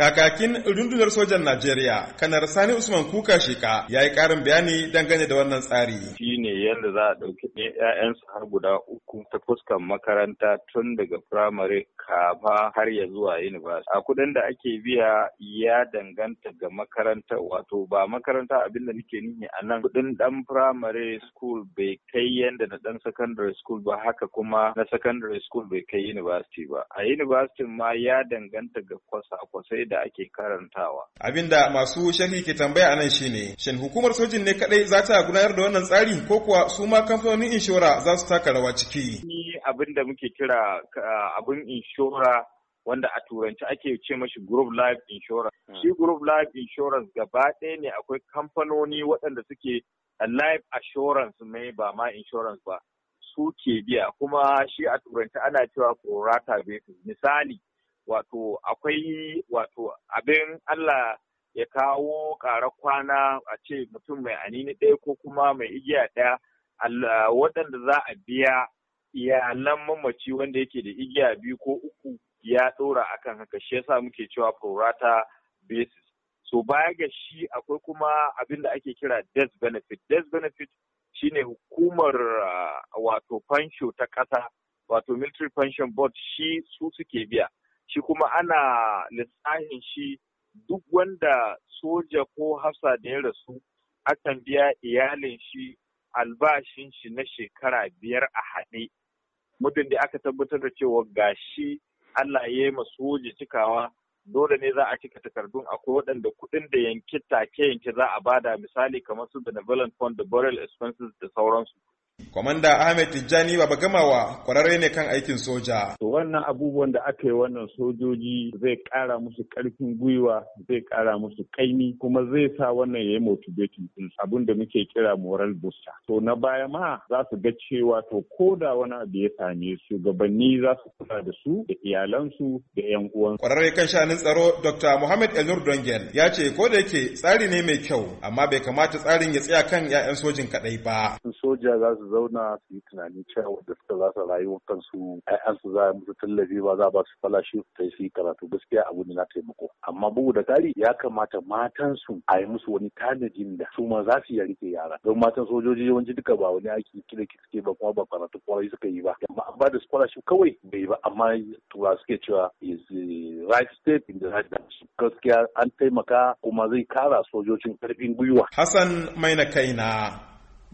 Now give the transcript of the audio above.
Kakakin rundunar sojan Najeriya, kanar Sani Usman Kuka Shika ya yi ƙarin bayani dangane da wannan tsari. Shi ne yadda za a ɗauki ‘ya'yansu har guda uku ta fuskan makaranta tun daga firamare kafa har ya zuwa yunibas. A kuɗin da ake biya ya danganta ga makaranta wato ba makaranta abin da nake nihi a nan kuɗin ɗan firamare school bai kai yadda na ɗan secondary school ba haka kuma na secondary school bai kai university ba a university ma ya danganta ga kwasa-kwasai da ake karantawa abinda masu sharhi ke tambaya anan shine shin hukumar sojin ne kadai za ta gudanar da wannan tsari ko kuwa su ma kamfanonin inshora za su taka rawa ciki ni abin da muke kira ah, abin inshora wanda a turanci ake ce mashi group life insurance. Hmm. Shi group life insurance gaba ɗaya ne akwai kamfanoni waɗanda suke life assurance ne ba ma insurance ba su ke biya kuma shi a turanci ana cewa prorata basis misali wato akwai wato abin Allah ya kawo ƙara kwana a ce mutum mai anini ɗaya ko kuma mai igiya ɗaya waɗanda za a biya iyalan mamaci wanda yake da igiya biyu ko uku ya ɗora akan haka shi yasa muke cewa prorata basis So baya ga shi akwai kuma abin da ake kira death benefit. Death benefit shine hukumar ah, wato fansho ta ƙasa wato military pension board shi su suke biya. Shi kuma ana lissahin shi duk wanda soja ko hafsa da ya rasu akan biya iyalin shi albashin shi na shekara biyar a haɗe. Muddin da aka tabbatar da cewa gashi Allah ya yi soja cikawa dole ne za a cika takardun akwai waɗanda kuɗin da yanke take yanke za a bada misali kamar su benevolent fund da burial expenses da sauransu Kwamanda Ahmed Tijjani ba Gamawa kwararre ne kan aikin soja. wannan abubuwan da aka yi wannan sojoji zai kara musu karfin gwiwa, zai kara musu kaimi, kuma zai sa wannan ya yi motivating din abin da muke kira moral booster. To na baya ma za su ga cewa to ko da wani abu ya same shugabanni gabanni za su kula da su da iyalansu da yan uwan. Kwararre kan shanun tsaro Dr. Muhammad Elnur Dongel ya ce ko da yake tsari ne mai kyau amma bai kamata tsarin ya tsaya kan 'ya'yan sojin kaɗai ba. Soja za su zauna su yi tunanin cewa wadda suka za su rayu kansu su za a musu tallafi ba za a ba su falashi ta yi karatu gaskiya abu ne na taimako amma bugu da ƙari ya kamata matan su a yi musu wani tanadin da su ma za su yi rike yara don matan sojoji yawanci duka ba wani aiki kila ki suke ba kuma ba karatu kwarai suka yi ba amma an ba da scholarship kawai bai ba amma tura suke cewa is the right step in the right direction gaskiya an taimaka kuma zai kara sojojin karfin gwiwa Hassan na Kaina